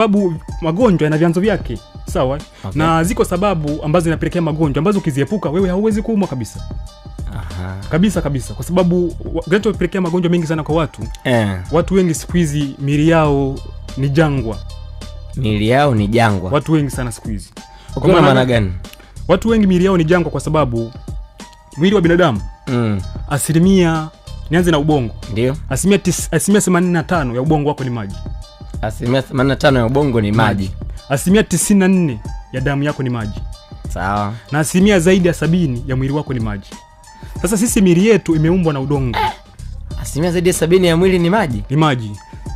sababu magonjwa yana vyanzo vyake sawa okay. na ziko sababu ambazo zinapelekea magonjwa ambazo ukiziepuka wewe hauwezi kuumwa kabisa Aha. kabisa kabisa kwa sababu kinachopelekea magonjwa mengi sana kwa watu eh. watu wengi siku hizi mili yao ni jangwa mili yao ni jangwa watu wengi sana siku hizi kwa maana gani watu wengi mili yao ni jangwa kwa sababu mwili wa binadamu mm. asilimia nianze na ubongo ndio asilimia themanini na tano ya ubongo wako ni maji asilimia 85 ya ubongo ni maji asilimia 94 ya damu yako ni maji sawa na asilimia zaidi ya sabini ya mwili wako ni maji sasa sisi mili yetu imeumbwa na udongo eh, asilimia zaidi ya sabini ya mwili ni maji ni maji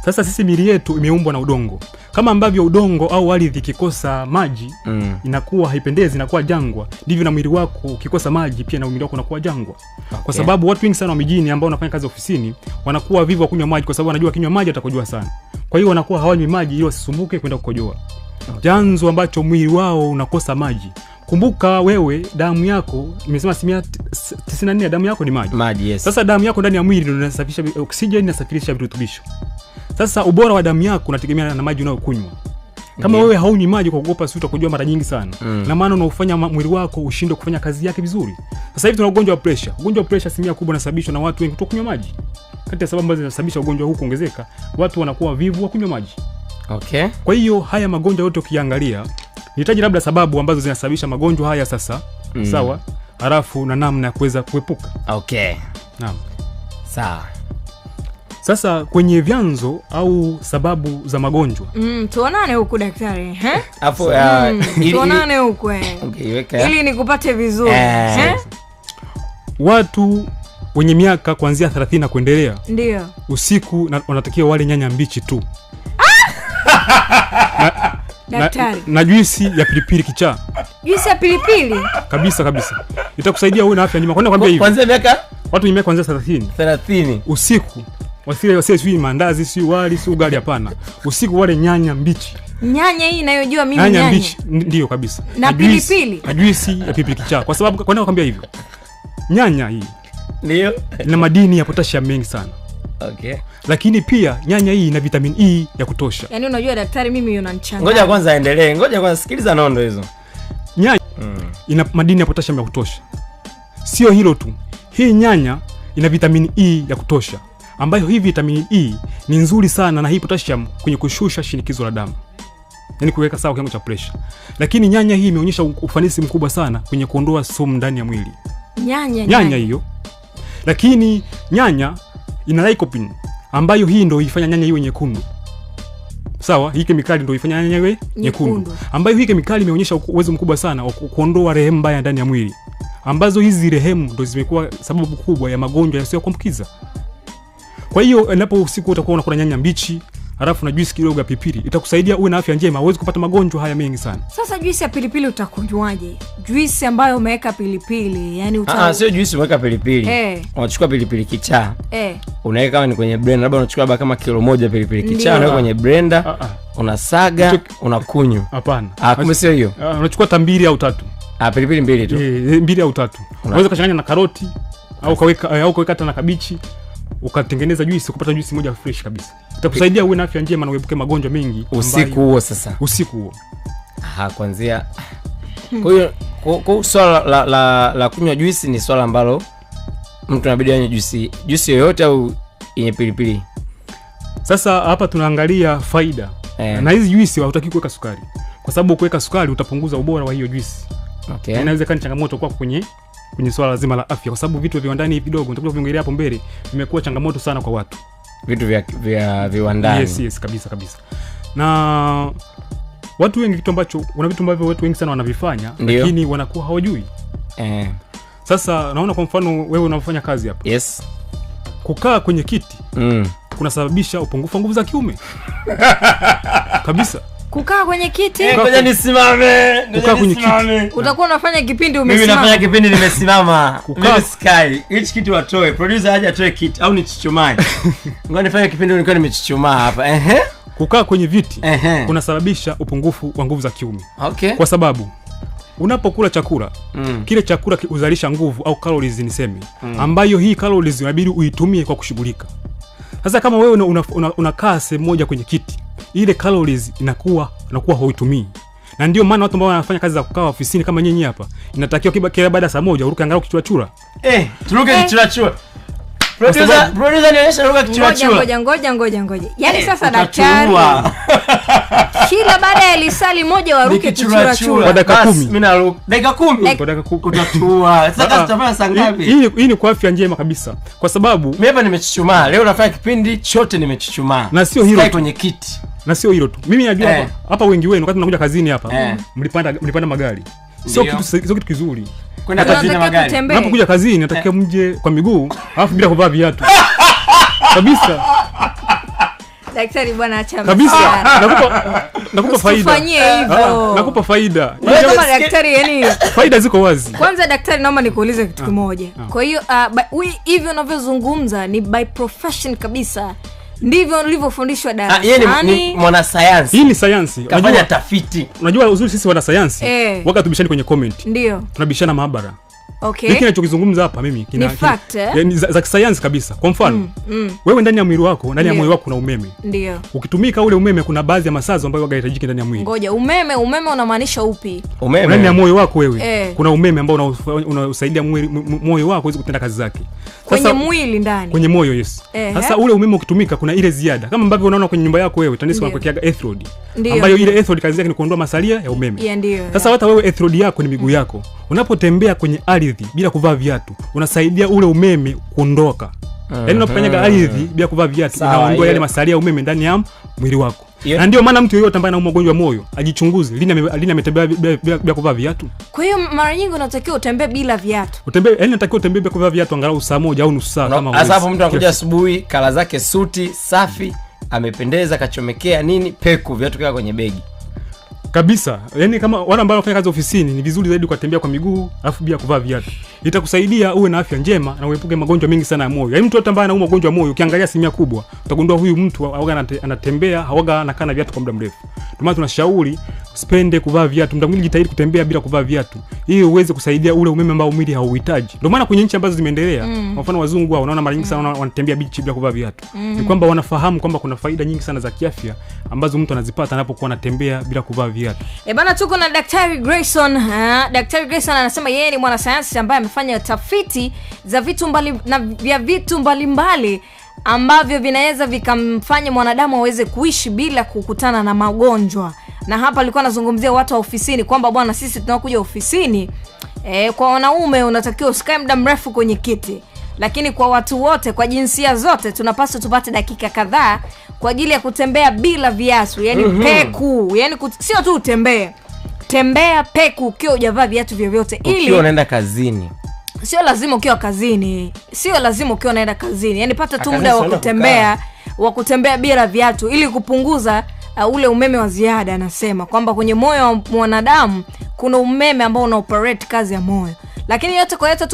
sasa sisi mili yetu imeumbwa na udongo kama ambavyo udongo au ardhi ikikosa maji mm. inakuwa haipendezi inakuwa jangwa ndivyo na mwili wako ukikosa maji pia na mwili wako unakuwa jangwa okay. kwa sababu watu wengi sana wa mijini ambao wanafanya kazi ofisini wanakuwa vivu wakunywa maji kwa sababu wanajua wakinywa maji watakojua sana kwa hiyo wanakuwa hawanywi maji ili wasisumbuke kwenda kukojoa chanzo okay. ambacho mwili wao unakosa maji kumbuka wewe damu yako imesema asilimia 94 ya damu yako ni maji, maji yes. sasa damu yako ndani ya mwili ndio oksijeni inasafirisha virutubisho sasa ubora wa damu yako unategemea na maji unayokunywa kama yeah. wewe haunywi maji kwa kuogopa si utakujua mara nyingi sana mm. na maana unaofanya mwili wako ushindwe kufanya kazi yake vizuri sasa hivi tuna ugonjwa wa presha ugonjwa wa presha asilimia kubwa unasababishwa na watu wengi kutokunywa maji kati ya sababu ambazo zinasababisha ugonjwa huu kuongezeka watu wanakuwa vivu wa kunywa maji okay. kwa hiyo haya magonjwa yote ukiangalia nihitaji labda sababu ambazo zinasababisha magonjwa haya sasa mm. sawa halafu na namna ya kuweza kuepuka okay. naam sawa sasa kwenye vyanzo au sababu za magonjwa mm, tuonane huku daktari Apo, mm, uh, mm, tuonane huku eh. okay, ili nikupate vizuri eh. watu wenye miaka kuanzia 30 na kuendelea ndio usiku wanatakiwa wale nyanya mbichi tu ah! na, na, na juisi ya pilipili kichaa juisi ya pilipili kabisa kabisa itakusaidia uwe na afya njema kwani nakwambia hivi kuanzia miaka watu wenye miaka kuanzia 30 30 usiku wasile wasile sio maandazi sio wali sio ugali hapana usiku wale nyanya mbichi nyanya hii inayojua mimi nyanya, nyanya. mbichi ndio kabisa na pilipili na juisi ya pilipili kichaa kwa sababu kwa nini nakwambia hivyo nyanya hii ndio na madini ya potasia mengi sana okay lakini pia nyanya hii ina vitamin e ya kutosha yaani unajua daktari mimi unanchanga ngoja kwanza aendelee ngoja kwanza sikiliza nondo hizo nyanya mm. ina madini ya potasia ya kutosha sio hilo tu hii nyanya ina vitamin e ya kutosha ambayo hii vitamin e ni nzuri sana na hii potassium kwenye kushusha shinikizo la damu yani kuweka sawa kiwango cha presha lakini nyanya hii imeonyesha ufanisi mkubwa sana kwenye kuondoa sumu ndani ya mwili nyanya hiyo lakini nyanya ina lycopene ambayo hii ndo ifanya nyanya iwe nyekundu sawa hii kemikali ndo ifanya nyanya iwe nyekundu ambayo hii kemikali imeonyesha uwezo mkubwa sana wa kuondoa rehemu mbaya ndani ya mwili ambazo hizi rehemu ndo zimekuwa sababu kubwa ya magonjwa yasiyokuambukiza kwa hiyo endapo usiku utakuwa unakula nyanya mbichi alafu na juisi kidogo ya pilipili itakusaidia uwe na afya njema, huwezi kupata magonjwa haya mengi sana. Sasa juisi ya pilipili utakunywaje? Juisi ambayo umeweka pilipili, yani uta... Ah, ah sio juisi umeweka pilipili hey. Eh. Unachukua pilipili kichaa hey. Eh. Unaweka kama ni kwenye blender, labda unachukua labda kama kilo moja pilipili kichaa unaweka kwenye blender ah, ah. Unasaga unakunywa. Hapana, ah, kumbe sio hiyo. Ah, unachukua tambili au tatu Ah, pilipili mbili tu. E, mbili au tatu. Unaweza ukachanganya na karoti au kaweka au kaweka hata na kabichi ukatengeneza juisi ukapata juisi moja fresh kabisa itakusaidia uwe na afya njema na uepuke magonjwa mengi usiku huo sasa usiku huo kwanzia kwa hiyo swala la, la, la kunywa juisi ni swala ambalo mtu anabidi anywe juisi juisi yoyote au yenye pilipili sasa hapa tunaangalia faida eh. na hizi juisi hautaki kuweka sukari kwa sababu kuweka sukari utapunguza ubora wa hiyo juisi okay. inaweza inawezekana changamoto kwako kwenye kwenye swala zima la afya kwa sababu vitu vya viwandani hivi vidogo nitakuja kuongelea hapo mbele vimekuwa changamoto sana kwa watu vitu vya, vya viwandani yes, yes, kabisa kabisa na watu wengi kitu ambacho una vitu ambavyo watu wengi sana wanavifanya Ndiyo. lakini wanakuwa hawajui eh. sasa naona kwa mfano wewe unafanya kazi hapa yes. kukaa kwenye kiti mm. kunasababisha upungufu wa nguvu za kiume kabisa kukaa kwenye kiti eh, ngoja nisimame kukaa kwenye kiti utakuwa unafanya kipindi umesimama mimi nafanya kipindi nimesimama kukaa sky hichi kitu watoe producer aje atoe kiti au nichichumae ngoja nifanye kipindi nilikuwa nimechichumaa hapa ehe kukaa kwenye viti kunasababisha upungufu wa nguvu za kiume okay kwa sababu unapokula chakula mm. kile chakula huzalisha nguvu au calories niseme mm. ambayo hii calories inabidi uitumie kwa kushughulika sasa kama wewe unakaa una, una, una sehemu moja kwenye kiti ile calories inakuwa inakuwa hoitumii na ndio maana watu ambao wanafanya kazi za kukaa ofisini kama nyinyi hapa inatakiwa kila baada ya saa moja uruke angalau kichurachura eh, turuke eh. kichurachura ngoja ngoja ngoja eh, yaani sasa daktari kila baada ya lisali moja waruke ni kwa afya njema kabisa kwa sababu hapa nimechuchumaa leo nafanya kipindi chote nimechuchumaa na sio hilo kwenye kiti na sio hilo tu mimi najua eh. hapa eh. hapa wengi wenu wakati mnakuja kazini hapa eh. mlipanda mlipanda magari sio kitu sio kitu kizuri kwenda kazini magari unapokuja kazini natakia eh. mje kwa miguu alafu bila kuvaa viatu kabisa daktari bwana acha kabisa nakupa nakupa faida fanyie ah, hivyo nakupa faida wewe kama daktari yani faida ziko wazi kwanza daktari naomba nikuulize kitu ah. kimoja ah. kwa hiyo uh, hivyo unavyozungumza ni by profession kabisa ndivyo ulivyofundishwa ah, darasani mwanasayansi hii ni sayansi tafiti unajua uzuri sisi wanasayansi e. waga tubishani kwenye comment ndio tunabishana maabara okay. hiki ninachokizungumza hapa mimi kina, ni fact, kina, eh? yani, za, za kisayansi kabisa kwa mfano mm, mm. wewe ndani ya mwili wako ndani ya moyo wako kuna umeme ndio ukitumika ule umeme kuna baadhi ya masazo ambayo yanahitajika ndani ya mwili ngoja umeme umeme unamaanisha upi ndani ya moyo wako wewe eh. kuna umeme ambao unausaidia moyo wako uweze kutenda kazi zake kwenye mwili ndani kwenye moyo yes sasa ule umeme ukitumika kuna ile ziada kama ambavyo unaona kwenye nyumba yako wewe TANESCO wanakuwekea ethrod ambayo ile ethrod kazi yake ni kuondoa masalia ya umeme yeah, ndio sasa hata wewe ethrod yako ni miguu mm. yako unapotembea kwenye ardhi bila kuvaa viatu unasaidia ule umeme kuondoka mm yaani unapokanyaga ardhi bila kuvaa viatu unaondoa yale masalia ya umeme ndani ya mwili wako yeah. na ndio maana mtu yoyote ambaye anaumwa ugonjwa moyo ajichunguze lini ametembea bila kuvaa viatu kwa hiyo mara nyingi unatakiwa utembee bila viatu utembee yani unatakiwa utembee bila kuvaa viatu angalau saa moja au nusu saa no, kama hapo mtu anakuja asubuhi kala zake suti safi amependeza kachomekea nini peku viatu kaka kwenye begi kabisa. Yani kama wale ambao wanafanya kazi ofisini, ni vizuri zaidi kutembea kwa miguu alafu bila kuvaa viatu. Itakusaidia uwe na afya njema na uepuke magonjwa mengi sana ya moyo. Yani mtu yote ambaye anaumwa ugonjwa wa moyo, ukiangalia asilimia kubwa utagundua huyu mtu hawaga anatembea, hawaga anakaa na viatu kwa muda mrefu. Ndio maana tunashauri spende kuvaa viatu, muda mwingi jitahidi kutembea bila kuvaa viatu ili uweze kusaidia ule umeme ambao mwili hauhitaji. Ndio maana kwenye nchi ambazo zimeendelea, mm. kwa mfano wazungu hao, unaona mara nyingi sana wanatembea bichi bila kuvaa viatu. Ni mm. kwamba wanafahamu kwamba kuna faida nyingi sana za kiafya ambazo mtu anazipata anapokuwa anatembea bila kuvaa viatu yake E eh, bana, tuko na Daktari Grayson ha? Daktari Grayson anasema yeye ni mwanasayansi ambaye amefanya tafiti za vitu mbali, na vya vitu mbalimbali ambavyo vinaweza vikamfanya mwanadamu aweze kuishi bila kukutana na magonjwa na hapa alikuwa anazungumzia watu wa ofisini kwamba bwana sisi tunakuja ofisini e, kwa wanaume unatakiwa usikae muda mrefu kwenye kiti lakini kwa watu wote, kwa jinsia zote, tunapaswa tupate dakika kadhaa kwa ajili ya kutembea bila viatu, yani mm-hmm. peku, yani kut... sio tu utembee, tembea peku ukiwa ujavaa viatu vyovyote, ili ukiwa unaenda kazini sio lazima ukiwa kazini, sio lazima ukiwa unaenda kazini, yani pata tu muda wa kutembea wa kutembea bila viatu ili kupunguza uh, ule umeme wa ziada. Anasema kwamba kwenye moyo wa mwanadamu kuna umeme ambao una kazi ya moyo, lakini yote kwa yote